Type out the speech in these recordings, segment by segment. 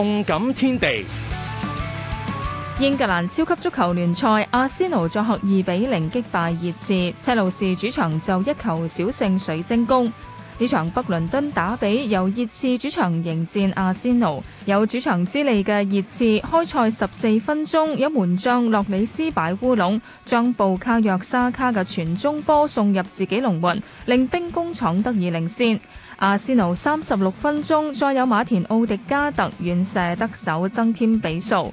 動感天地，英格蘭超級足球聯賽，阿仙奴作客二比零擊敗熱刺，車路士主場就一球小勝水晶宮。呢場北倫敦打比由熱刺主場迎戰阿仙奴，有主場之利嘅熱刺開賽十四分鐘，有門將洛里斯擺烏龍，將布卡約沙卡嘅傳中波送入自己龍門，令兵工廠得以領先。阿仙奴三十六分鐘再有馬田奧迪加特遠射得手，增添比數。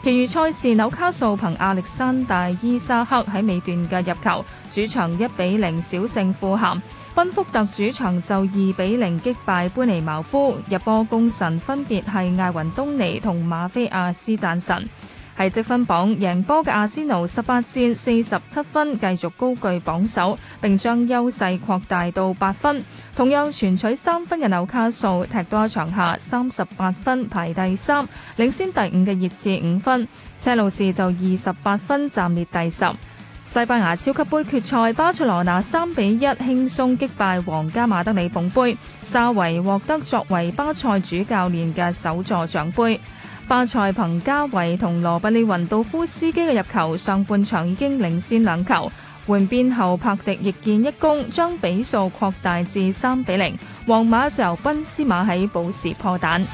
其餘賽事，紐卡素憑亞歷山大伊沙克喺尾段嘅入球，主場一比零小勝富咸；賓福特主場就二比零擊敗般尼茅夫，入波功臣分別係艾雲東尼同馬菲亞斯贊臣。係積分榜贏波嘅阿仙奴十八戰四十七分，繼續高居榜首，並將優勢擴大到八分。同樣全取三分嘅紐卡素踢多一場下三十八分，排第三，領先第五嘅熱刺五分。車路士就二十八分，暫列第十。西班牙超級杯決賽，巴塞羅那三比一輕鬆擊敗皇家馬德里捧杯，沙維獲得作為巴塞主教練嘅首座獎杯。巴塞彭加維同羅伯利雲道夫斯基嘅入球，上半場已經領先兩球。換邊後，柏迪亦建一功，將比數擴大至三比零。皇馬就由賓斯馬喺補時破蛋。